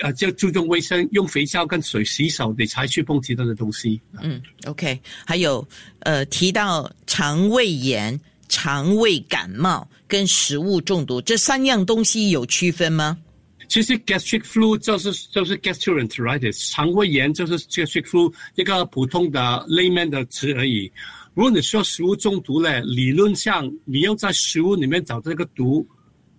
啊！就注重衛生，用肥皂跟水洗手，你才去碰其他的東西。嗯，OK。還有，呃，提到腸胃炎、腸胃感冒跟食物中毒，這三樣東西有區分嗎？其實 Gastric Flu 就是就是 gastroenteritis，腸胃炎就是 Gastric Flu 一個普通的 layman 的詞而已。如果你說食物中毒呢，理論上你要在食物裏面找這個毒。